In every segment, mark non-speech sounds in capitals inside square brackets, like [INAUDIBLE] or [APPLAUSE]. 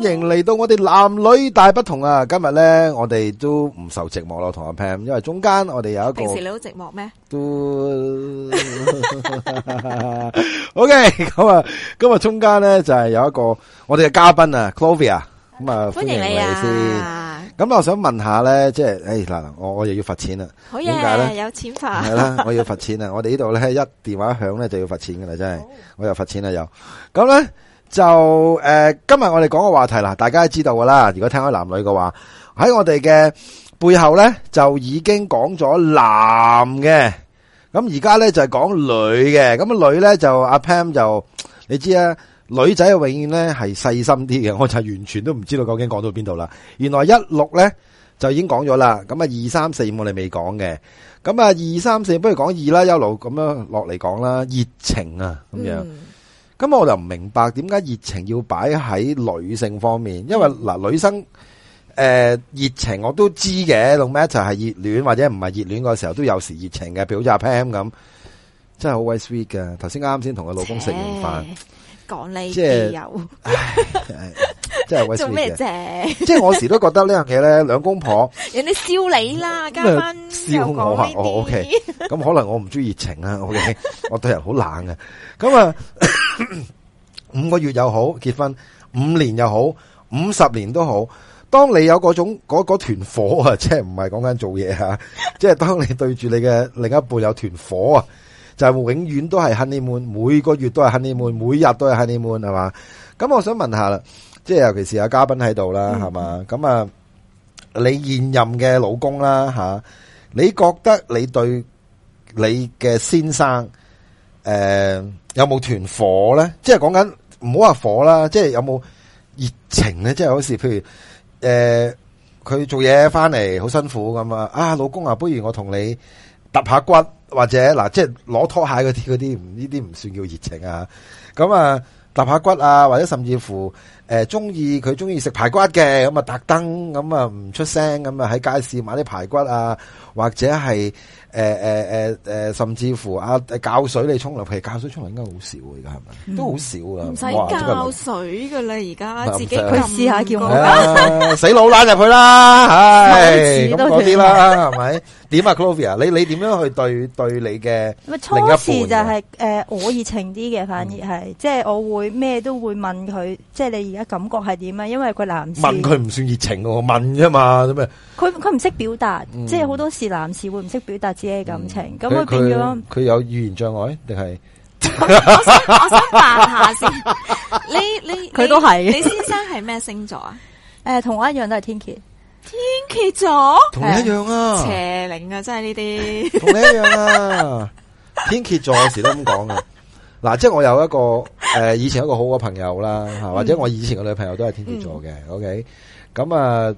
歡迎嚟到我哋男女大不同啊！今日咧，我哋都唔受寂寞咯，同阿 Pam，因為中間我哋有一個，平時你好寂寞咩？都，OK，咁啊，今日中間咧就係有一個我哋嘅嘉賓啊，Clovia，咁啊，歡迎你先。咁我想問下咧，即係，誒嗱，我我又要罰錢啦，點解咧？有錢罰係啦，我要罰錢啦，我哋呢度咧一電話響咧就要罰錢噶啦，真係，我又罰錢啦又，咁咧。就誒、呃，今日我哋講嘅話題啦，大家都知道噶啦。如果聽開男女嘅話，喺我哋嘅背後咧，就已經講咗男嘅。咁而家咧就係、是、講女嘅。咁女咧就阿、啊、Pam 就你知啊，女仔啊永遠咧係細心啲嘅。我就完全都唔知道究竟講到邊度啦。原來一六咧就已經講咗啦。咁啊二三四我哋未講嘅。咁啊二三四不如講二啦，一路咁樣落嚟講啦。熱情啊，咁樣。咁我就唔明白點解熱情要擺喺女性方面，因為嗱、呃、女生誒熱、呃、情我都知嘅，No matter 係熱戀或者唔係熱戀嗰時候都有時熱情嘅，譬如好似阿 Pam 咁，真係好鬼 sweet 嘅。頭先啱啱先同佢老公食完飯，講、呃、你有即係，唉，真係好 sweet。做咩啫？即係我時都覺得呢樣嘢咧，兩公婆人哋， [LAUGHS] 笑你啦，嘉欣笑我啊、哦，我 OK。咁可能我唔中意熱情啊，OK， [LAUGHS] 我對人好冷啊。咁啊。五個月又好結婚，五年又好，五十年都好。當你有嗰種嗰嗰團火啊，即係唔係講緊做嘢啊， [LAUGHS] 即係當你對住你嘅另一半有團火啊，就係、永遠都係 honeymoon，每個月都係 honeymoon，每日都係 honeymoon，係嘛？咁我想問一下啦，即係尤其是有嘉賓喺度啦，係嘛、嗯？咁啊，你現任嘅老公啦吓、啊，你覺得你對你嘅先生？誒、呃，有冇團火咧？即係講緊唔好話火啦，即係有冇熱情咧？即係好似譬如誒，佢、呃、做嘢翻嚟好辛苦咁啊！啊，老公啊，不如我同你揼下骨，或者嗱、啊，即係攞拖鞋嗰啲嗰啲，呢啲唔算叫熱情啊！咁啊，揼下骨啊，或者甚至乎。誒，中意佢中意食排骨嘅，咁啊，特登咁啊，唔出聲咁啊，喺街市買啲排骨啊，或者係誒誒誒誒，甚至乎啊教水你沖涼，教水沖涼應該好少，而家係咪都好少啊？唔使教水噶啦，而家自己佢試下叫我死佬卵入去啦，唉，咁嗰啲啦，係咪？點啊，Clovia？你你點樣去對對你嘅？咁啊，初時就係我熱情啲嘅，反而係即係我會咩都會問佢，即係你。感覺係點啊？因為個男士問佢唔算熱情喎，問啫嘛，咩啊。佢佢唔識表達，嗯、即係好多時男士會唔識表達自己嘅感情咁啊、嗯、變咗。佢有語言障礙定係？我想我想扮下先。 [LAUGHS] 你你佢都係。你先生係咩星座啊？誒 [LAUGHS] 、呃，同我一樣都係天蠍。天蠍座。同你一樣啊。 [LAUGHS] 邪靈啊，真係呢啲。 [LAUGHS] 同你一樣啊。天蠍座有時都咁講啊。嗱，即係我有一個誒，以前一個好嘅朋友啦，或者我以前嘅女朋友都係天蠍座嘅，OK，咁啊，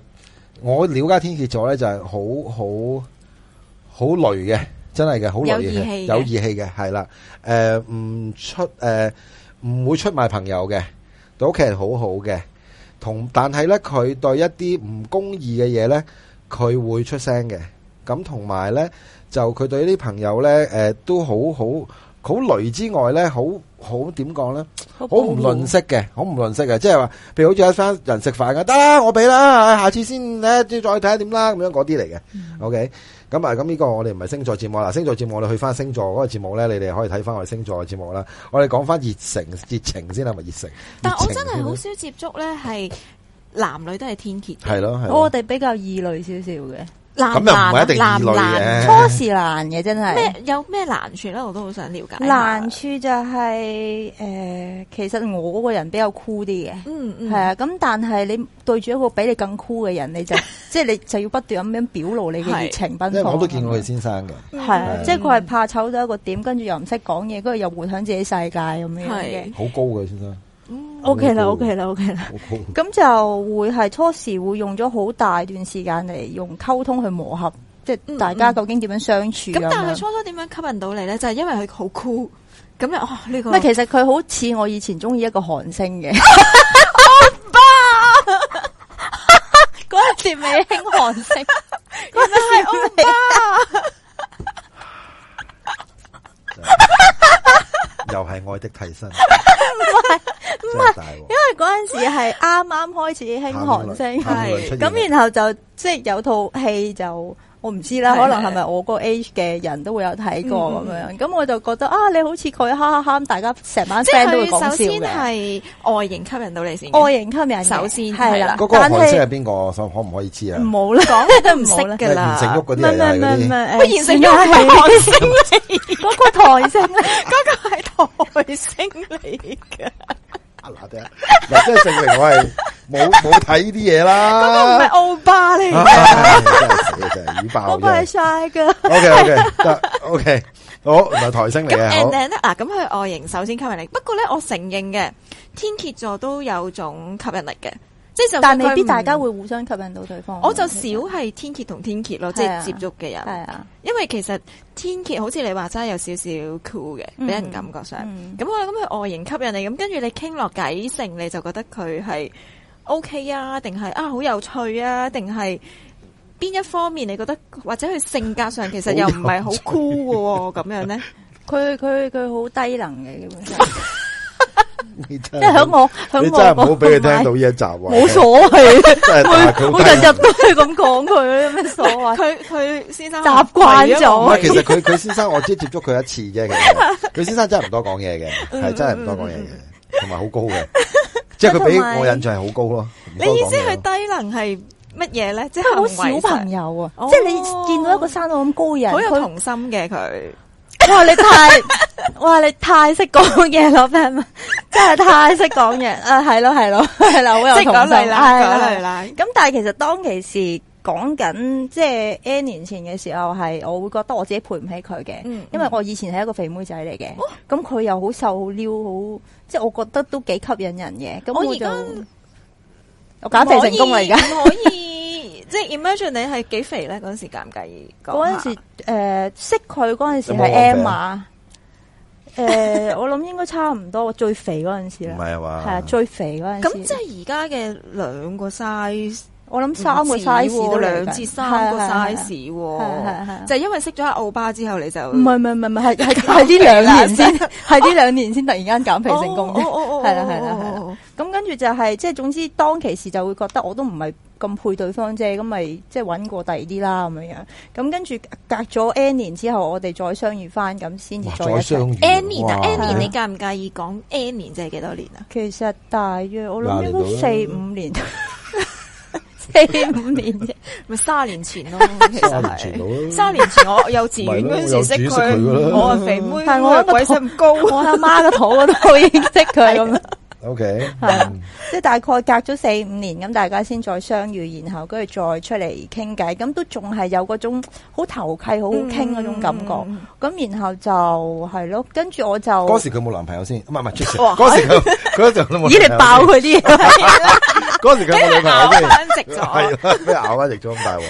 我了解天蠍座咧就係好好好累嘅，真係嘅，好有義氣，有義氣嘅係啦，誒唔出誒唔會出賣朋友嘅，對屋企人好好嘅，同但係咧佢對一啲唔公義嘅嘢咧，佢會出聲嘅，咁同埋咧就佢對啲朋友咧，誒都好好。好雷之外咧，好好點講咧？好唔吝嗇嘅，好唔吝嗇嘅，即係話，譬如好似一班人食飯嘅，得啦我俾啦，下次先咧，再睇下點啦，咁樣嗰啲嚟嘅。嗯、OK，咁啊，咁呢個我哋唔係星座節目啦，星座節目我哋去翻星座嗰個節目咧，你哋可以睇翻我哋星座嘅節目啦。我哋講翻熱情，熱情先係咪熱情？但我真係好少接觸咧，係男女都係天蠍，係咯，我哋比較異類少少嘅。難難難難，是難難初時難嘅，真係。咩有咩難處咧？我都好想了解。難處就係、是、誒、呃，其實我個人比較酷啲嘅、嗯，嗯係啊。咁但係你對住一個比你更酷嘅人，你就即係 [LAUGHS] 你就要不斷咁樣表露你嘅熱情奔放。我都見過佢先生嘅，係啊，即係佢係怕醜到一個點，跟住又唔識講嘢，跟住又活喺自己世界咁樣嘅。好的高嘅先生。O K 啦，O K 啦，O K 啦，咁就會係初時會用咗好大段時間嚟用溝通去磨合，即係大家究竟點樣相處。咁但係初初點樣吸引到你咧？就係因為佢好酷。cool 咁啊，呢個唔係，其實佢好似我以前中意一個韓星嘅歐巴。嗰陣時未興韓星，原來係歐巴，又係愛的替身。唔係，因為嗰陣時係啱啱開始興韓星，係咁然後就即係有套戲就我唔知啦，可能係咪我個 age 嘅人都會有睇過咁樣，咁我就覺得啊，你好似佢哈哈，喊，大家成班 friend 都會講笑嘅。首先係外形吸引到你先，外形吸引首先係啦。但係韓星係邊個？可唔可以知啊？冇啦，講都唔識啦。庾澄慶嗰啲嚟嘅嗰啲，庾澄慶係韓星嚟，嗰個台星咧，嗰個係台星嚟嘅。嗱，即係證明我係冇冇睇呢啲嘢啦。咁唔係歐巴嚟嘅，我係晒噶。OK OK OK， [LAUGHS] okay. 好，嗱，台星嚟嘅。咁誒、啊，嗱，咁佢外形首先吸引力，不過咧，我承認嘅，天蠍座都有種吸引力嘅。即係，但未必大家會互相吸引到對方。我就少係天蠍同天蠍咯，係啊、即係接觸嘅人。係啊，啊因為其實天蠍好似你話齋有少少 cool 嘅，俾人感覺上。咁、嗯嗯、我佢嘅外形吸引你，咁跟住你傾落偈性，你就覺得佢係 OK 啊，定係啊好有趣啊，定係邊一方面你覺得或者佢性格上其實又唔係好 cool 嘅咁樣咧？佢佢佢好低能嘅，基本上。 [LAUGHS] 你真係響我，響我，我我我唔好俾佢聽到呢一集冇是、啊、所謂，我我日日都係咁講佢，有咩所謂？佢佢先生習慣咗。其實佢佢先生，我只接觸佢一次啫。其實佢先生真係唔多講嘢嘅，係 [LAUGHS] 真係唔多講嘢嘅，同埋好高嘅，即係佢俾我印象係好高咯。 [LAUGHS] 你意思佢低能係乜嘢咧？即係好小朋友啊！哦、即係你見到一個生到咁高人，好有童心嘅佢。哇！你太哇你太識講嘢咯，friend，真係太識講嘢啊！係咯係咯係啦，我又識講嘢啦。咁但係其實當其時講緊即係 N 年前嘅時候，係我會覺得我自己配唔起佢嘅，因為我以前係一個肥妹仔嚟嘅。咁佢又好瘦，好撩，好即係我覺得都幾吸引人嘅。咁我就我減肥成功啦而家。即係 imagine，你係幾肥咧？陣時介唔介意講陣時誒，識佢陣時係 m m 誒，我諗應該差唔多最肥嗰陣時咧，唔係啊係啊，最肥嗰陣。咁即係而家嘅兩個 size，我諗三個 size 到兩至三個 size。係係係，就係因為識咗阿奧巴之後，你就唔係唔係唔係，係係係呢兩年先，係呢兩年先突然間減肥成功。哦哦哦，係啦係啦係啦，咁。跟住就係即係，總之當其時就會覺得我都唔係咁配對方啫，咁咪即係揾過第二啲啦咁樣樣。咁跟住隔咗 N 年之後，我哋再相遇翻，咁先再一再相遇、啊。N 年啊,啊，N 年你介唔介意講 N 年即係幾多年啊？其實大約我諗都四五年，年 [LAUGHS] 四五年啫，咪卅 [LAUGHS] 年前咯。卅年前咯，卅年前我幼稚園嗰時識佢，我係肥妹,妹， [LAUGHS] 但係我鬼尺唔高， [LAUGHS] 我阿媽個肚我都好認識佢咁樣。 [LAUGHS] OK，即係大概隔咗四五年咁，大家先再相遇，然後跟住再出嚟傾偈，咁都仲係有嗰種好投契、好傾嗰種感覺。咁、嗯、然後就係咯，跟住我就嗰時佢冇男朋友先，唔係唔係出事，嗰哇時佢佢都就都冇。咦、哎？你爆佢啲？嗰時佢冇女朋友咩？咬翻食咗，係咩？咬翻食咗咁大鑊？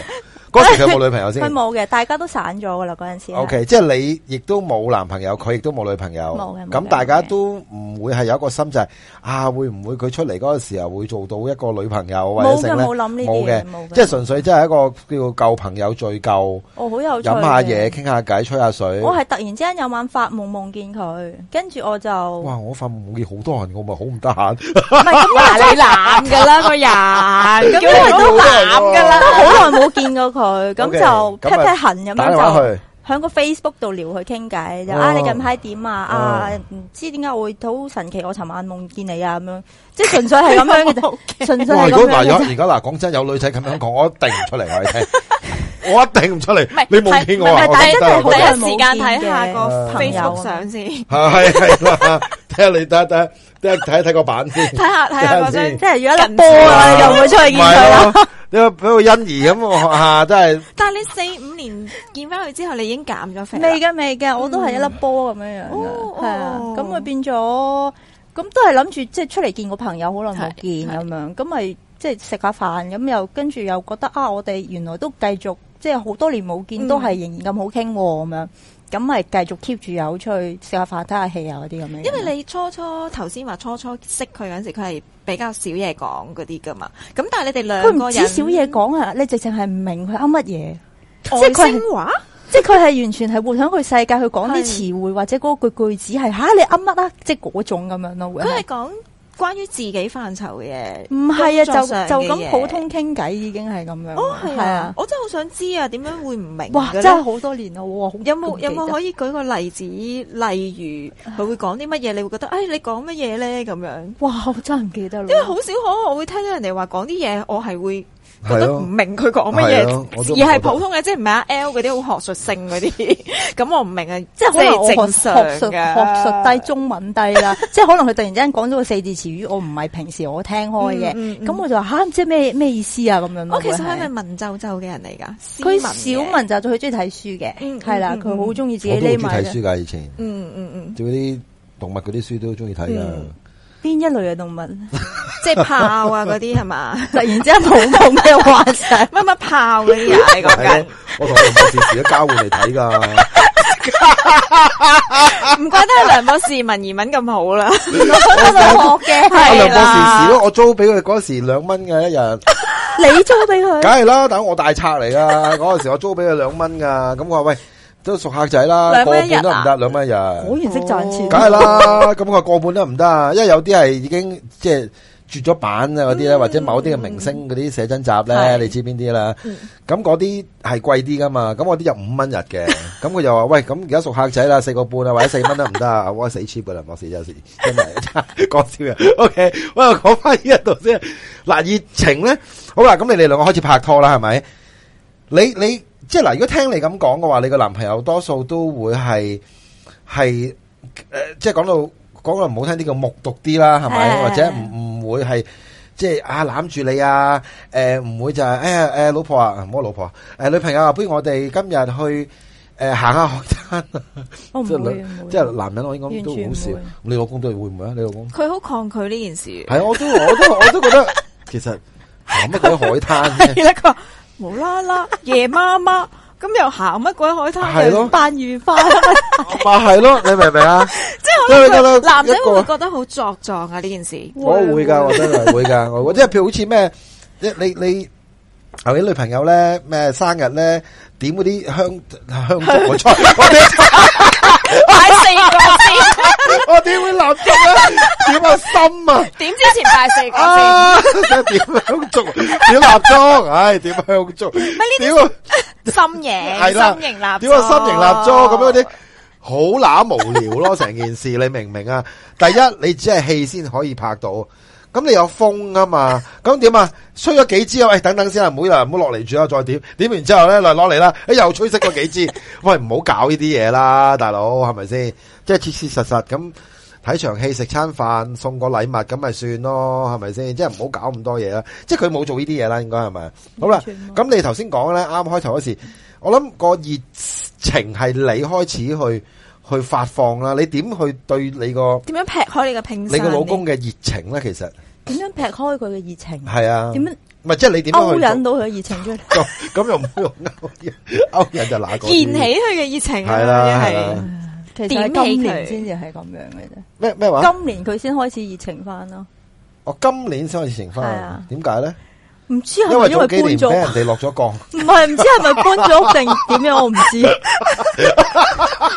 嗰時佢冇女朋友先，佢冇嘅，大家都散咗噶啦嗰陣時。OK，即係你亦都冇男朋友，佢亦都冇女朋友。冇嘅，咁大家都唔會係有一個心，就係啊，會唔會佢出嚟嗰個時候會做到一個女朋友，或者冇諗呢啲？冇嘅，即係純粹真係一個叫舊朋友聚舊。哦，好有趣。飲下嘢，傾下偈，吹下水。我係突然之間有晚發夢，夢見佢，跟住我就哇！我發夢見好多人，我咪好唔得閒。咪咁啊，你男噶啦個人，因為都男噶啦，都好耐冇見過佢。佢咁就劈劈痕咁樣就響個 Facebook 度撩佢傾偈，就啊，你近排點啊，啊，唔知點解會好神奇，我尋晚夢見你啊，咁樣，即係純粹係咁樣嘅啫，純粹咁樣。如果嗱而家嗱講真有女仔咁樣講，我一定唔出嚟我哋聽。我一定唔出嚟，唔係你冇見我啊！我真係好有時間睇下個 Facebook 相先，係係睇下你，睇下睇下個版先，睇下睇下先，即係如果一粒波啊，你又唔會出去見佢啦。你個欣兒咁我學下，真係。但係你四五年見返佢之後，你已經減咗肥未？㗎未？㗎我都係一粒波咁樣樣嘅，咁佢變咗，咁都係諗住即係出嚟見個朋友好耐冇見咁樣，咁咪即係食下飯咁，又跟住又覺得啊，我哋原來都繼續。即係好多年冇見，都係仍然咁好傾咁、嗯、樣，咁咪繼續 keep 住有趣，食下飯睇下戲啊嗰啲咁樣。因為你初初頭先話初初識佢嗰陣時，佢係比較少嘢講嗰啲噶嘛。咁但係你哋兩佢唔止少嘢講啊，你直情係唔明佢噏乜嘢？即係佢係即係佢係完全係活喺佢世界去講啲詞彙或者嗰句句子係吓你噏乜啊？即係嗰種咁樣咯。佢係講。關於自己範疇嘅，唔係啊，就就咁普通傾偈已經係咁樣。哦，係啊，啊我真係好想知啊，點樣會唔明白嘩？哇，真係好多年咯。有冇有冇可以舉個例子？例如佢會講啲乜嘢，你會覺得，哎，你講乜嘢咧？咁樣，哇，我真係唔記得喇！因為好少可，我會聽到人哋話講啲嘢，我係會。我，不他啊、我都唔明佢講乜嘢，而係普通嘅，都即係唔係阿 L 嗰啲好學術性嗰啲，咁 [LAUGHS] 我唔明啊！即係即係正常嘅，學術低，學術低，中文低啦， [LAUGHS] 即係可能佢突然之間講咗個四字詞語，我唔係平時我聽開嘅，咁、嗯嗯、我就話吓，即係咩咩意思啊？咁樣是我其實係咪文縐縐嘅人嚟噶？佢小文縐縐，佢中意睇書嘅，係、嗯、啦，佢好中意自己匿埋嘅。我都中意睇書噶，以前，嗯嗯嗯，做、嗯、啲、嗯、動物嗰啲書都好中意睇噶。邊一類嘅動物？即係炮啊，嗰啲係嘛？突然之間冇冇咩話晒，乜乜炮嗰啲啊？你講緊？我同梁博士時都交換嚟睇噶，唔怪得係梁博士文移民咁好啦。我覺得都好嘅，係啦。梁博士時都我租俾佢嗰時兩蚊嘅一日，你租俾佢？梗係啦，等我大拆嚟噶。嗰陣時我租俾佢兩蚊噶，咁我話喂。都熟客仔啦，個半都唔得，兩蚊日。果然，哦，識賺錢，梗係啦。咁個個半都唔得啊，因為有啲係已經即係絕咗版啊，嗰啲咧，或者某啲嘅明星嗰啲寫真集咧，你知邊啲啦。咁嗰啲係貴啲噶嘛，咁我啲有五蚊日嘅。咁佢又話喂，咁而家熟客仔啦，四個半啊，或者四蚊都唔得。我死 cheap、okay, 嘅啦，冇事就事，真係講笑啊。OK，喂，講翻呢一度先。嗱，熱情咧，好啦，咁你哋兩個開始拍拖啦，係咪？你你。即係嗱，如果聽你咁講嘅話，你個男朋友多數都會係係誒，即係講到講到唔好聽啲叫木獨啲啦，係咪？是的 或者唔唔會係即係啊攬住你啊？誒、呃，唔會就係誒誒，老婆啊好老婆啊，誒、呃、女朋友啊，不如我哋今日去誒、呃、行下海灘。啊。我 [LAUGHS] 即係女會男人我應該都好少。你老公都會唔會啊？你老公佢好抗拒呢件事。係啊，我都我都我都覺得 [LAUGHS] 其實行乜海灘啊。 [LAUGHS] 無啦啦夜媽媽，咁又行乜鬼海灘？係咯，扮魚花，咪係咯？你明唔明啊？即係我覺得，男仔會唔會覺得好作狀啊！呢件事我會噶，我真係會噶，我即係譬如好似咩，即係你你啊啲女朋友咧咩生日咧點嗰啲香香燭嘅菜，我哋擺四個。我點會蠟燭啊？點啊？心啊？點之前大四嗰陣點點香燭？點蠟燭？唉，點香燭？呢啲？心形係心型蠟燭。點阿心型蠟燭咁嗰啲好乸無聊咯！成件事你明唔明啊？第一，你只係戲先可以拍到。咁你有風啊嘛？咁點啊？吹咗幾支啊？喂、哎，等等先啊、哎， [LAUGHS] 唔好啦，唔好落嚟住啊，再點點完之後咧，落嚟啦！又吹熄咗幾支。喂，唔好搞呢啲嘢啦，大佬係咪先？即係切切實實咁睇場戲、食餐飯、送個禮物咁咪算咯，係咪先？即係唔好搞咁多嘢啦。即係佢冇做呢啲嘢啦，應該係咪？好啦，咁你頭先講呢，啱開頭嗰時，我諗個熱情係你開始去。去發放啦，你點去對你個？點樣劈開你個平時你個老公嘅熱情咧？其實點樣劈開佢嘅熱情？係啊，點樣？唔係即係你點樣勾引到佢熱情出嚟 [LAUGHS] [LAUGHS] 又唔好用勾，勾引 [LAUGHS] 就拿過。燃起佢嘅熱情係啦，係、啊。啊啊、其實今年先至係咁樣嘅啫。咩咩話？今年佢先開始熱情翻咯。我今年先開始熱情翻，點解咧？唔知係咪因為搬咗？人哋落咗降。唔係唔知係咪搬咗屋定點樣？我唔知。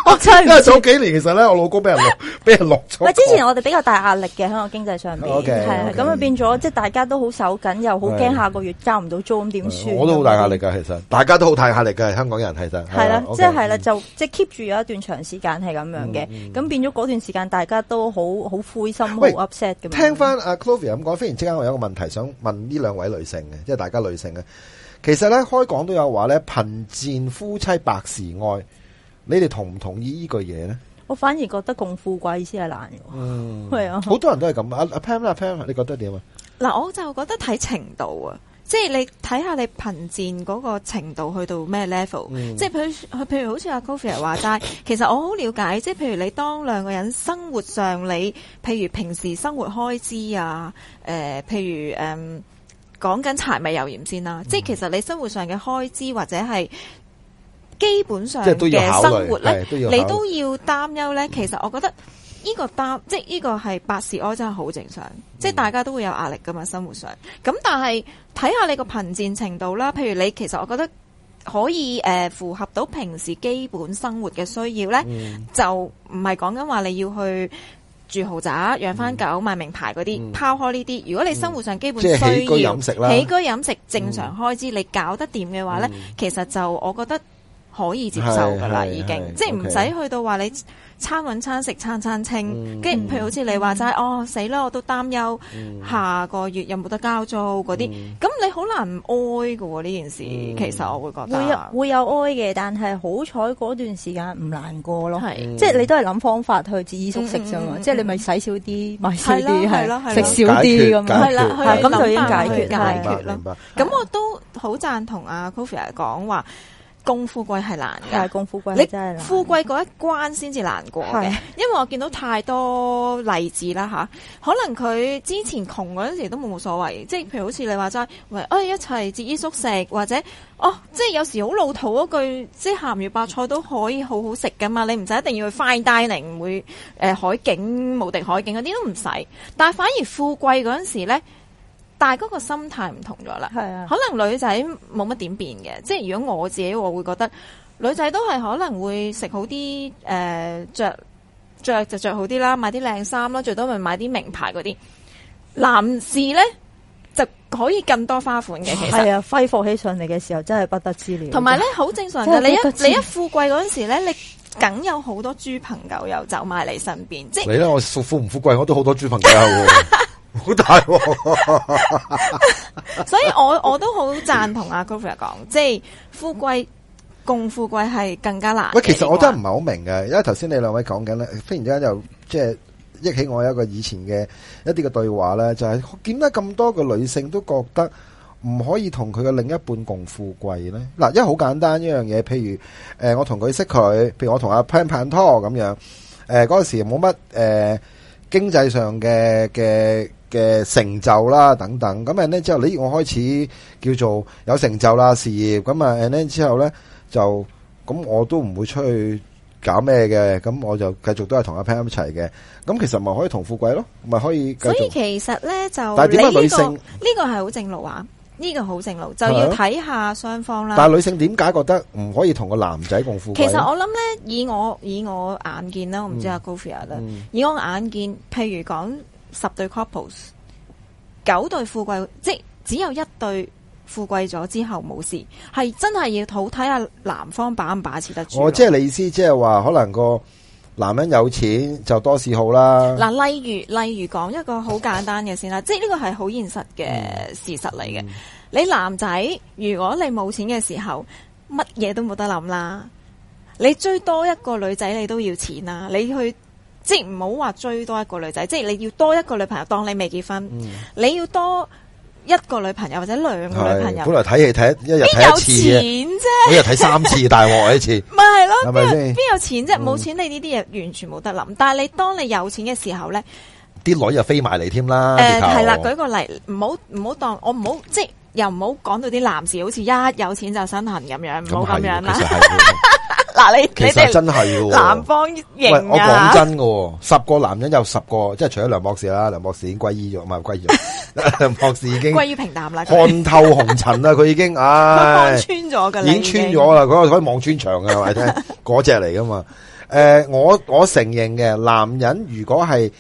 我真係唔知。因為早幾年，其實咧，我老公俾人俾人落咗。之前我哋比較大壓力嘅香港經濟上面，係咁啊，變咗，即係大家都好手緊，又好驚下個月交唔到租咁點算？我都好大壓力㗎，其實大家都好大壓力㗎，香港人係真係。係啦，即係係啦，就即係 keep 住有一段長時間係咁樣嘅，咁變咗嗰段時間大家都好好灰心好 upset 咁。聽翻阿 Clovia 咁講，忽然之間我有一個問題想問呢兩位女性。即係大家女性嘅，其實咧開講都有話咧貧賤夫妻百事哀，你哋同唔同意這句呢句嘢咧？我反而覺得共富貴先係難嘅，嗯，係啊，好多人都係咁啊。阿 p a m 啊 Pam、啊、你覺得點啊？嗱，我就覺得睇程度啊，即係你睇下你貧賤嗰個程度去到咩 level、嗯、即係譬如譬如好似阿 Clovia 話齋， [LAUGHS] 其實我好了解，即係譬如你當兩個人生活上你，你譬如平時生活開支啊，誒、呃，譬如誒。嗯講緊柴米油鹽先啦，嗯、即係其實你生活上嘅開支或者係基本上嘅生活咧，你都要擔憂咧。嗯、其實我覺得呢個擔，即係呢個係百事哀，真係好正常。嗯、即係大家都會有壓力噶嘛，生活上。咁但係睇下你個貧賤程度啦。譬如你其實我覺得可以誒、呃、符合到平時基本生活嘅需要咧，嗯、就唔係講緊話你要去。住豪宅、養翻狗、買名牌嗰啲，嗯、拋開呢啲。如果你生活上基本需要、嗯、起居飲食，起居飲食正常開支，嗯、你搞得掂嘅話呢，嗯、其實就我覺得，可以接受噶啦，已經即係唔使去到話你餐搵餐食，餐餐清。跟住譬如好似你話齋，哦，死啦，我都擔憂下個月有冇得交租嗰啲。咁你好難唔哀㗎喎呢件事，其實我會覺得會有會有哀嘅，但係好彩嗰段時間唔難過咯。即係你都係諗方法去節衣縮食啫嘛。即係你咪使少啲，買少啲咯，食少啲咁樣係啦。係咁就已經解決解決啦，咁我都好贊同阿 Kofi 講話。共富貴係難㗎，共富貴係真係難的。富貴嗰一關先至難過嘅，係，因為我見到太多例子啦嚇。可能佢之前窮嗰陣時都冇所謂，即係譬如好似你話齋，喂，哎一齊節衣縮食，或者哦，即係有時好老土嗰句，即係鹹魚白菜都可以好好食㗎嘛。你唔使一定要去 fine dining 嚟，唔會誒，海景無敵海景嗰啲都唔使，但係反而富貴嗰陣時咧。但係嗰個心態唔同咗啦。係是啊，可能女仔冇乜點變嘅，即係如果我自己我會覺得女仔都係可能會食好啲，誒着着就着好啲啦，買啲靚衫啦，最多咪買啲名牌嗰啲。男士咧就可以更多花款嘅，其實係啊，揮霍起上嚟嘅時候真係不得之了。同埋咧好正常嘅，你一你一富貴嗰陣時咧，你梗有好多豬朋狗友又走埋你身邊。即係你咧，我富唔富貴我都好多豬朋友。 [LAUGHS] 好大，哦， [LAUGHS] [LAUGHS] 所以我我都好贊同阿 Clovia 講，即係富貴共富貴係更加難。喂，其實我真係唔係好明嘅，因為頭先你兩位講緊咧，忽然之間又即係憶起我有一個以前嘅一啲嘅對話咧，就係點解咁多嘅女性都覺得唔可以同佢嘅另一半共富貴咧。嗱，因為好簡單一樣嘢，譬如誒、呃、我同佢識佢，譬如我同阿 Pan Pan 拖咁樣，誒嗰陣時冇乜誒經濟上嘅嘅。嘅成就啦，等等咁啊，呢之後你我開始叫做有成就啦，事業咁啊，呢之後咧就咁，我都唔會出去搞咩嘅，咁我就繼續都係同阿 Pan 一齊嘅。咁其實咪可以同富貴咯，咪可以。所以其實咧就，但係點解女性呢個係好正路啊？呢、這個好正路，就要睇下雙方啦，啊。但係女性點解覺得唔可以同個男仔共富貴？其實我諗咧，以我以我眼見啦，我唔知阿 Clovia 啦，以我眼見，譬如講。十對 couple，九對富貴，即只有一對富貴咗之後冇事，係真係要睇下男方把唔把持得住。我即係你意思是說，即係話可能個男人有錢就多事好啦。嗱，例如例如講一個好簡單嘅先啦，即呢個係好現實嘅事實嚟嘅。你男仔如果你冇錢嘅時候，乜嘢都冇得諗啦。你追多一個女仔，你都要錢啦。你去。即係唔好話追多一個女仔，即係你要多一個女朋友，當你未結婚，你要多一個女朋友或者兩個女朋友。本來睇戲睇一日睇一次啫，每日睇三次大鑊一次。咪係囉，係咪先？邊有錢啫？冇錢你呢啲嘢完全冇得諗。但係你當你有錢嘅時候咧，啲女又飛埋嚟添啦。誒，係啦，舉個例，唔好唔好當我唔好，即係又唔好講到啲男士好似一有錢就身痕咁樣，唔好咁樣啦。嗱你，你其實真係嘅，南方型啊！喂，我講真嘅，十個男人有十個，即係除咗梁博士啦，梁博士已經歸依咗，唔係歸依咗，梁博 [LAUGHS] 士已經歸於平淡啦，看透紅塵啦，佢已經唉，穿咗嘅，已經穿咗啦，佢可以望穿牆嘅係咪先？嗰隻嚟噶嘛？誒、呃，我我承認嘅，男人如果係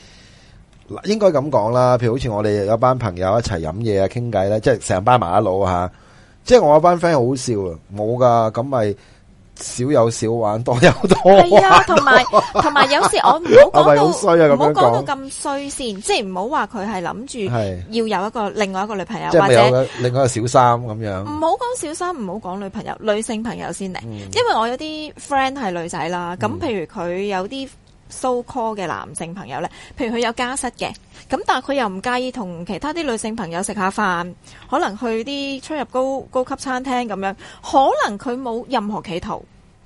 應該咁講啦，譬如好似我哋有班朋友一齊飲嘢啊，傾偈咧，即係成班麻甩佬吓，即係我嗰班 friend 好笑啊，冇噶，咁咪。少有少玩，多有多玩。係啊，同埋同埋， [LAUGHS] 有，有時我唔好講到唔好講到咁衰先，即係唔好話佢係諗住要有一個是另外一個女朋友，是是有或者另外一個小三咁樣。唔好講小三，唔好講女朋友，女性朋友先嚟。嗯、因為我有啲 friend 係女仔啦，咁譬如佢有啲 so call 嘅男性朋友咧，嗯、譬如佢有家室嘅，咁但係佢又唔介意同其他啲女性朋友食下飯，可能去啲出入高高級餐廳咁樣，可能佢冇任何企圖。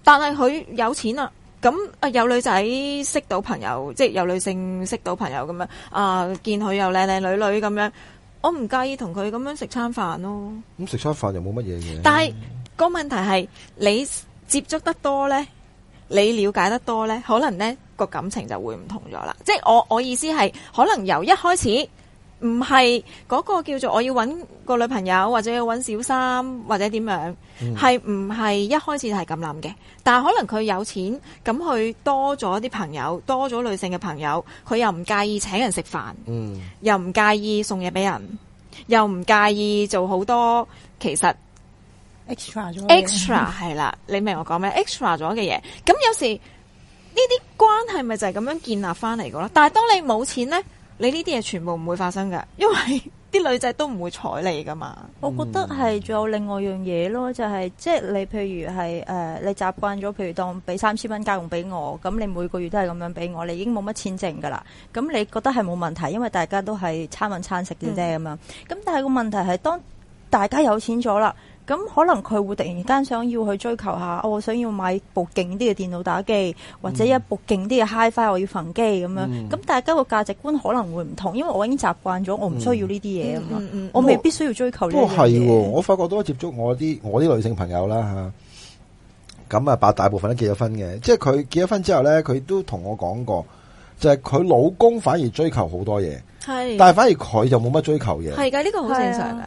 但係佢有錢啦，啊，咁啊有女仔識到朋友，即係有女性識到朋友咁樣啊，見佢又靚靚女女咁樣，我唔介意同佢咁樣食餐飯咯。咁食餐飯又冇乜嘢嘅。但係，個問題係你接觸得多呢，你了解得多呢，可能呢個感情就會唔同咗啦。即係我我意思係可能由一開始。唔係嗰個叫做我要搵個女朋友，或者要搵小三，或者點樣，係唔係一開始係咁諗嘅？但係可能佢有錢，咁佢多咗啲朋友，多咗女性嘅朋友，佢又唔介意請人食飯，嗯、又唔介意送嘢俾人，又唔介意做好多其實 extra extra 係啦， [LAUGHS] 你明我講咩？extra 咗嘅嘢，咁有時呢啲關係咪就係咁樣建立翻嚟噶咯。但係當你冇錢咧。你呢啲嘢全部唔會發生㗎，因為啲女仔都唔會睬你㗎嘛。我覺得係仲有另外樣嘢咯，就係、是、即係你譬如係誒、呃，你習慣咗，譬如當俾三千蚊家用俾我，咁你每個月都係咁樣俾我，你已經冇乜錢剩㗎喇。咁你覺得係冇問題，因為大家都係餐飲餐食嘅啫咁樣。咁、嗯、但係個問題係，當大家有錢咗啦。咁可能佢會突然間想要去追求下，我想要買部勁啲嘅電腦打機，或者一部勁啲嘅 Hi-Fi 我要焚機咁樣。咁大家個價值觀可能會唔同，因為我已經習慣咗，我唔需要呢啲嘢啊嘛。嗯嗯嗯嗯、我未必需要追求呢啲。不過係，我發覺都接觸我啲我啲女性朋友啦吓，咁啊八大部分都結咗婚嘅，即係佢結咗婚之後咧，佢都同我講過，就係、是、佢老公反而追求好多嘢，係的，但係反而佢就冇乜追求嘢。係噶、呢、這個好正常嘅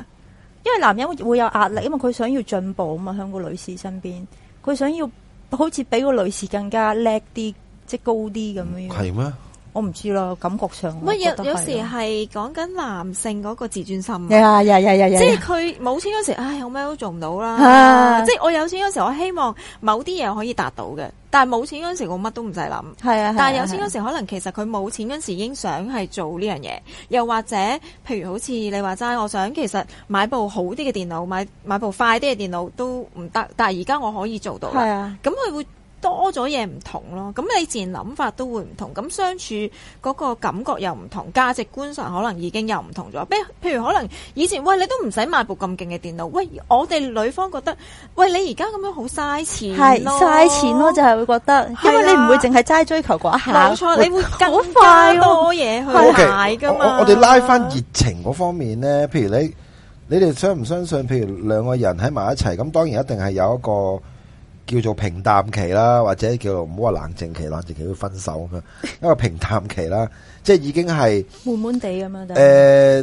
因為男人會有壓力，因為佢想要進步啊嘛，喺個女士身邊，佢想要好似比個女士更加叻啲，即係高啲咁樣。係咩、嗯？我唔知咯，感覺上。乜嘢？有時係講緊男性嗰個自尊心。係啊，係係係。即係佢冇錢嗰時，唉，我咩都做唔到啦。即係我有錢嗰時，我希望某啲嘢我可以達到嘅，但係冇錢嗰時，我乜都唔使諗。係啊。但係有錢嗰時，可能其實佢冇錢嗰時已經想係做呢樣嘢，又或者譬如好似你話齋，我想其實買部好啲嘅電腦，買買部快啲嘅電腦都唔得，但係而家我可以做到啦。係啊。咁佢會。多咗嘢唔同咯，咁你自然諗法都會唔同，咁相處嗰個感覺又唔同，價值觀上可能已經又唔同咗。比譬如可能以前喂，你都唔使買部咁勁嘅電腦，喂，我哋女方覺得喂，你而家咁樣好嘥錢，係嘥錢咯，錢咯，就係會覺得，因為你唔會淨係齋追求嗰一下，冇錯的，啊、你會更加多嘢去買噶嘛。啊、okay, 我哋拉翻熱情嗰方面咧，譬如你你哋相唔相信，譬如兩個人喺埋一齊，咁當然一定係有一個。叫做平淡期啦，或者叫做唔好話冷靜期，冷靜期會分手啊嘛，一個 [LAUGHS] 平淡期啦，即係已經係悶悶地咁樣。誒，呃、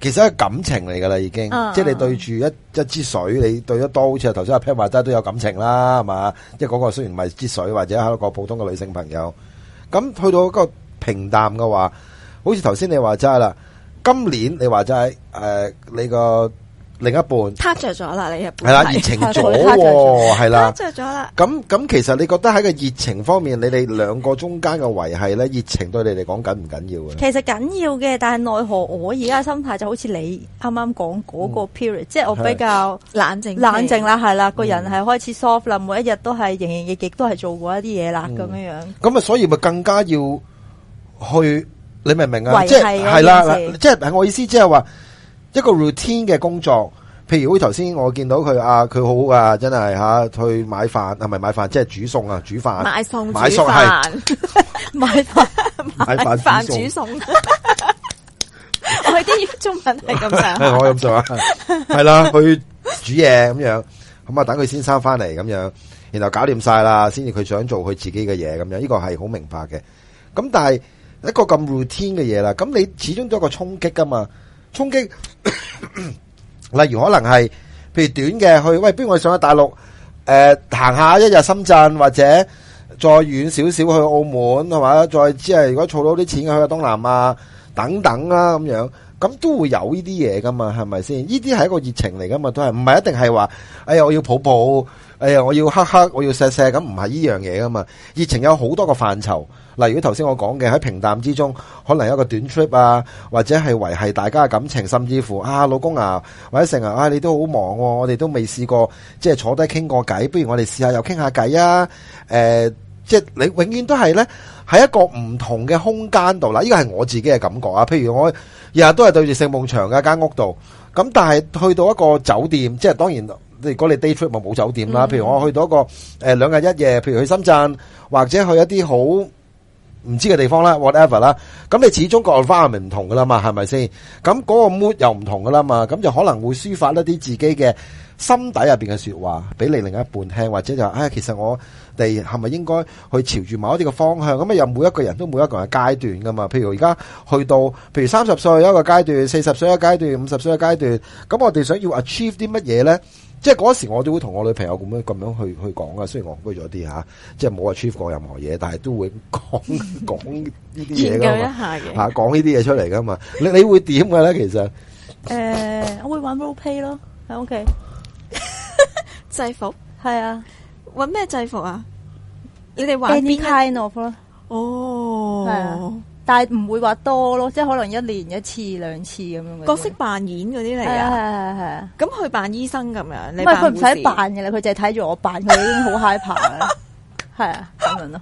其實係感情嚟噶啦，已經，啊啊啊即係你對住一一支水，你對得多，好似頭先阿 Pat 話齋都有感情啦，係嘛？即係嗰個雖然唔係支水，或者係一個普通嘅女性朋友，咁去到一個平淡嘅話，好似頭先你話齋啦，今年你話齋誒，你個。另一半塌著咗啦，你係啦熱情咗，係啦塌著咗啦。咁咁，其實你覺得喺個熱情方面，你哋兩個中間嘅維繫咧，熱情對你嚟講緊唔緊要嘅？其實緊要嘅，但係奈何我而家嘅心態就好似你啱啱講嗰個 period，即係我比較冷靜，冷靜啦，係啦，個人係開始 soft 啦，每一日都係營營役役都係做過一啲嘢啦，咁樣樣。咁啊，所以咪更加要去，你明唔明啊？維繫啊，即係係啦，即係係我意思，即係話。一個 routine 嘅工作，譬如好似頭先我見到佢啊，佢好啊，真係吓去買飯，係咪買飯？即係煮餸啊，煮飯買餸，買飯係買飯，買飯煮餸。我啲中文係咁樣，係我咁樣，係啦，去煮嘢咁樣，咁啊等佢先生翻嚟咁樣，然後搞掂晒啦，先至佢想做佢自己嘅嘢咁樣，呢個係好明化嘅。咁但係一個咁 routine 嘅嘢啦，咁你始終都有一個衝擊噶嘛。衝擊，例如可能係，譬如短嘅去，喂不如我上去大陸？誒、呃，行下一日深圳，或者再遠少少去澳門，係嘛？再之後如果儲到啲錢去去東南亞等等啦，咁樣，咁都會有呢啲嘢噶嘛？係咪先？呢啲係一個熱情嚟噶嘛？都係，唔係一定係話，哎呀我要跑步。哎呀，我要黑黑，我要錫錫，咁唔係呢樣嘢噶嘛？熱情有好多個範疇，例如頭先我講嘅喺平淡之中，可能有一個短 trip 啊，或者係維繫大家嘅感情，甚至乎啊，老公啊，或者成日啊，啊，你都好忙，啊，我哋都未試過即係坐低傾過偈，不如我哋試下又傾下偈啊？誒、呃，即係你永遠都係呢，喺一個唔同嘅空間度啦。呢個係我自己嘅感覺啊。譬如我日日都係對住聖夢祥嘅間屋度，咁但係去到一個酒店，即係當然。你如果你 day trip 咪冇酒店啦，譬如我去到一個誒兩日一夜，譬如去深圳或者去一啲好唔知嘅地方啦，whatever 啦，咁你始終 environment 唔同噶啦嘛，係咪先？咁嗰個 mood 又唔同噶啦嘛，咁就可能會抒發一啲自己嘅心底入邊嘅說話俾你另一半聽，或者就話唉，其實我哋係咪應該去朝住某啲嘅方向？咁啊，又每一個人都每一個人嘅階段噶嘛，譬如而家去到譬如三十歲一個階段，四十歲一個階段，五十歲一個階段，咁我哋想要 achieve 啲乜嘢咧？即係嗰時我都會同我女朋友咁樣咁樣去去講啊，雖然戇居咗啲吓，即係冇話 cheap 過任何嘢，但係都會講講呢啲嘢噶。 [LAUGHS] 研究一下嘅講呢啲嘢出嚟噶嘛？你你會點㗎咧？其實誒、欸，我會玩 roleplay 咯，喺屋企制服係啊？搵咩制服啊？你哋玩邊 type 咯？哦，係啊。但係唔會話多咯，即係可能一年一次、兩次咁樣。角色扮演嗰啲嚟啊，咁佢、啊啊、扮醫生咁樣，唔係佢唔使扮嘅啦，佢淨係睇住我扮，佢 [LAUGHS] 已經好嗨怕啦，係 [LAUGHS] 啊，咁樣咯。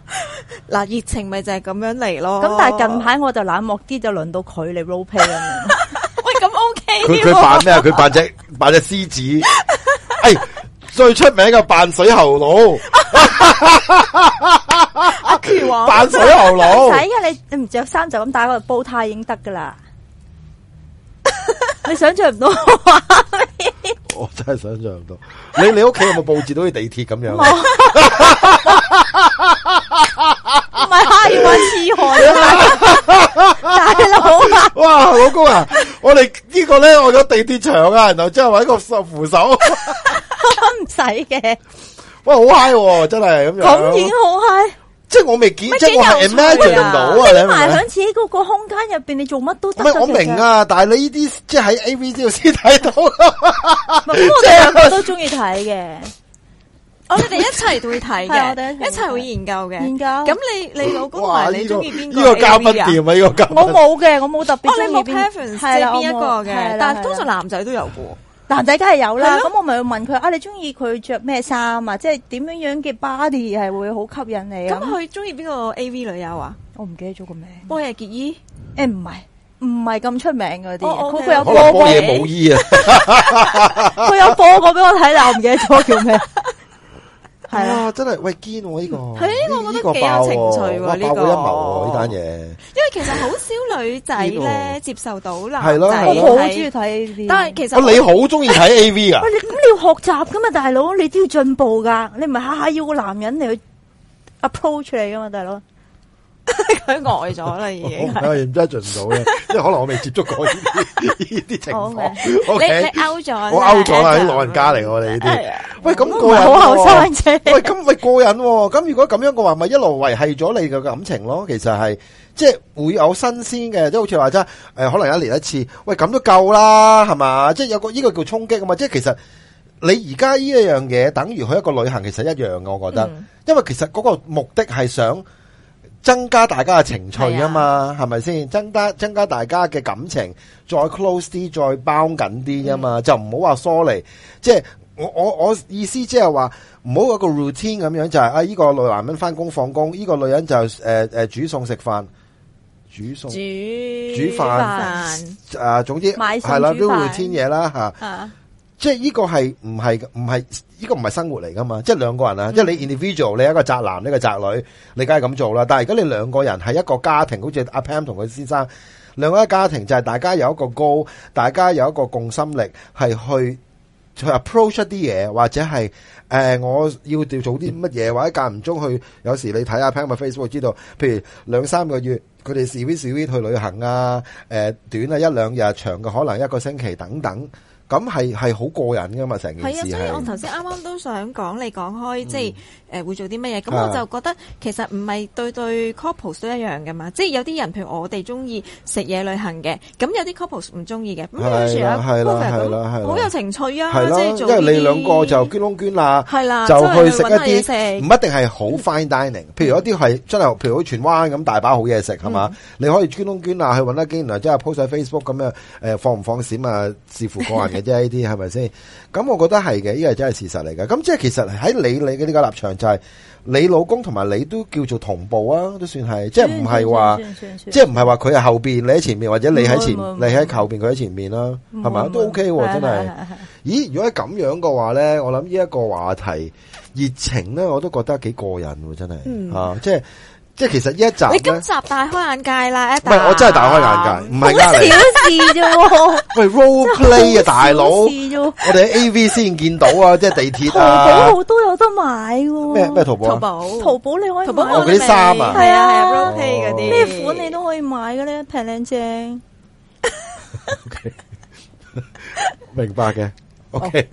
嗱，熱情咪就係咁樣嚟咯。咁但係近排我就冷漠啲，就輪到佢嚟 role play 咁樣。 [LAUGHS] 喂，咁 OK 啲？佢扮咩啊？佢扮隻扮隻獅子， [LAUGHS] 哎，最出名嘅扮水喉佬。 [LAUGHS] [LAUGHS] 阿扮、啊、水喉佬，依家 [LAUGHS] 你你唔着衫就咁戴個煲呔已經得噶啦，你想象唔到啊！我真係想象唔到，你你屋企有冇布置到啲地鐵咁樣？唔係是，我痴漢啊，大佬啊！哇，老公啊，我哋呢個咧我有地鐵牆啊，然後之後搵個手扶手，唔使嘅。哇，好嗨、啊，真係咁樣，咁已經好嗨。即係我未見，即係我係 imagine 唔到啊！你埋響自己嗰個空間入邊，你做乜都得。唔係，我明啊，但係你呢啲即係喺 A V 度先睇到。咁我哋兩個都中意睇嘅。哦，你哋一齊會睇嘅，一齊會研究嘅。研究。咁你你老公話，你中意邊個？呢個加乜點啊！呢個加我冇嘅，我冇特別中意邊一個嘅。但係通常男仔都有個。男仔梗係有啦，咁嗎我咪要問佢啊，你中意佢着咩衫啊？即係點樣樣嘅 body 係會好吸引你。咁佢中意邊個 AV 女友啊？我唔記得咗個名，波多野結衣，誒唔係，唔係咁出名嗰啲，佢佢有波波耶舞衣啊，佢有播過俾我睇，但 [LAUGHS] 我唔記得咗叫咩。 [LAUGHS] 係啊，是啊真係喂堅喎呢個，呢、啊、我覺得幾有情趣喎呢個,、這個，呢單嘢。哦、因為其實好少女仔咧是接受到男仔，我好中意睇 A V，但係其實你好中意睇 A V 啊？喂、哎，咁你要學習噶嘛，大佬，你都要進步噶，你唔係下下要個男人嚟去 approach 你噶嘛，大佬。佢呆咗啦，已經係唔真係盡到嘅，即係可能我未接觸過呢啲呢啲情況。你你 out 咗，我 out 咗啦，啲老人家嚟嘅你啲。喂，咁唔係好後生啫。喂，咁咪過癮，咁如果咁樣嘅話，咪一路維繫咗你嘅感情咯。其實係即係會有新鮮嘅，即係好似話齋誒，可能一年一次。喂，咁都夠啦，係嘛？即係有個呢個叫衝擊啊嘛。即係其實你而家呢一樣嘢，等於去一個旅行，其實一樣嘅。我覺得，因為其實嗰個目的係想，增加大家嘅情趣啊嘛，係咪先？增加增加大家嘅感情，再 close 啲，再包緊啲啊嘛，嗯、就唔好話疏離。即係我我我意思即係話，唔好一個 routine 咁樣就係、是、啊，依、這個女男人返工放工，依、這個女人就誒誒煮餸食飯，煮餸煮煮飯飯啊，總之係、啊那個、啦，都會添嘢啦吓。即係呢個係唔係唔係呢個唔係生活嚟噶嘛？即係兩個人啊，嗯、即係你 individual，你一個宅男，一個宅女，你梗係咁做啦。但係而家你兩個人係一個家庭，好似阿 Pam 同佢先生兩個家庭，就係大家有一個 goal，大家有一個共心力，係去去 approach 啲嘢，或者係誒、呃、我要做啲乜嘢，或者間唔中去有時你睇阿 Pam 嘅 Facebook，知道譬如兩三個月佢哋 CV CV 去旅行啊，誒、呃、短啊一兩日，長嘅可能一個星期等等。咁係係好過癮噶嘛？成件事係啊，所以我頭先啱啱都想講你講開，即係誒會做啲乜嘢。咁我就覺得其實唔係對對 couple 都一樣噶嘛。即係有啲人譬如我哋中意食嘢旅行嘅，咁有啲 couple 唔中意嘅。咁有時啊，好有情趣啊，即係因為你兩個就捐窿捐啦，係啦，就去食一啲唔一定係好 fine dining。譬如一啲係真係，譬如好荃灣咁大把好嘢食，係嘛？你可以捐窿捐啊，去揾一啲，即係 po 晒 Facebook 咁樣誒，放唔放閃啊？視乎個人。呢啲係咪先？咁我覺得係嘅，呢個真係事實嚟嘅。咁即係其實喺你你嘅呢個立場就係，你老公同埋你都叫做同步啊，都算係，即係唔係話，轉轉轉轉轉即係唔係話佢係後邊，你喺前面，或者你喺前，你喺後邊，佢喺前面啦、啊，係咪？都 OK，啊、真係。是是是是咦，如果係咁樣嘅話咧，我諗呢一個話題熱情咧，我都覺得幾過癮，真係、嗯、啊，即係。即係其實一集咧，你今集大開眼界啦！唔係我真係大開眼界，唔係啱嚟。好小事啫，喂，role play 啊，大佬！我哋喺 AV 先見到啊，即係地鐵。淘寶好多有得買。咩咩淘寶？淘寶，淘寶你可以買嗰啲衫啊，係啊係啊，role play 嗰啲咩款你都可以買噶咧，平靚正。OK，明白嘅。OK，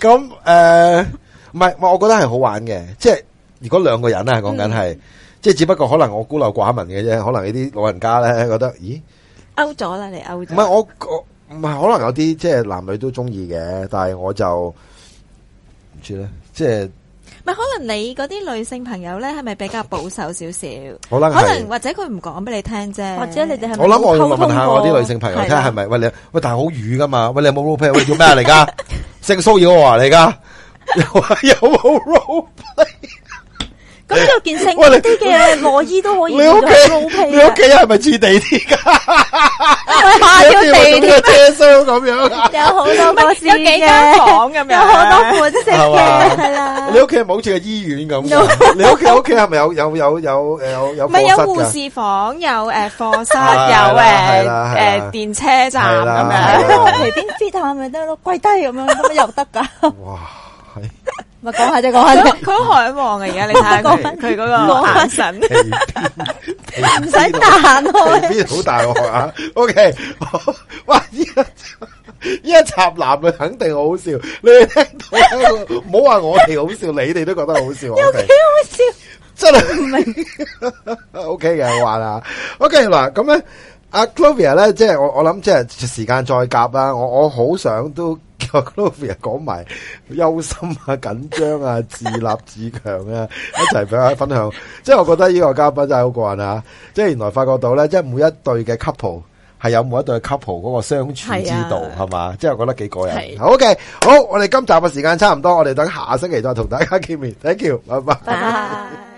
咁誒，唔係，我我覺得係好玩嘅，即係如果兩個人咧，講緊係。即係只不過可能我孤陋寡聞嘅啫，可能呢啲老人家咧覺得，咦，勾咗啦，你勾咗。唔係我我唔係可能有啲即係男女都中意嘅，但係我就唔知咧，即係唔係可能你嗰啲女性朋友咧係咪比較保守少少？好啦，可能或者佢唔講俾你聽啫，或者你哋係我諗我要問問下我啲女性朋友睇下係咪？喂你喂但係好瘀噶嘛？喂你有冇 roleplay 喂做咩嚟噶？性騷擾我話你噶？有有冇 roleplay 咁有件輕啲嘅內衣都可以做露皮。你屋企係咪似地鐵噶？哇！要地鐵咩？車廂咁樣，有好多室嘅，有幾間房咁樣，有好多款式嘅。係啦。你屋企係咪好似個醫院咁？你屋企屋企係咪有有有有有有？咪有護士房，有誒課室，有誒誒電車站咁樣，隨便 fit 下咪得咯，跪低咁樣都又得噶。哇！係。咪講下啫，講下佢好向往嘅。而家你睇下佢佢嗰個眼神，唔使彈咯，好大個吓，OK，哇！依家依家插男嘅，肯定好好笑，你聽到冇話我哋好笑，你哋都覺得好笑，有幾好笑，真係唔明，OK 嘅話啦，OK 嗱，咁樣，阿 Clovia 咧，即係我我諗即係時間再夾啦，我我好想都。嗰度成日講埋憂心啊、緊張啊、自立自強啊， [LAUGHS] 一齊俾大家分享。 [LAUGHS] 即係我覺得呢個嘉賓真係好過癮啊！即係原來發覺到咧，即係每一對嘅 couple 係有每一對嘅 couple 嗰個相處之道，係嘛是、啊？即係我覺得幾過癮。是啊、OK，好，我哋今集嘅時間差唔多，我哋等下星期再同大家見面。 [LAUGHS] Thank you，拜拜。拜拜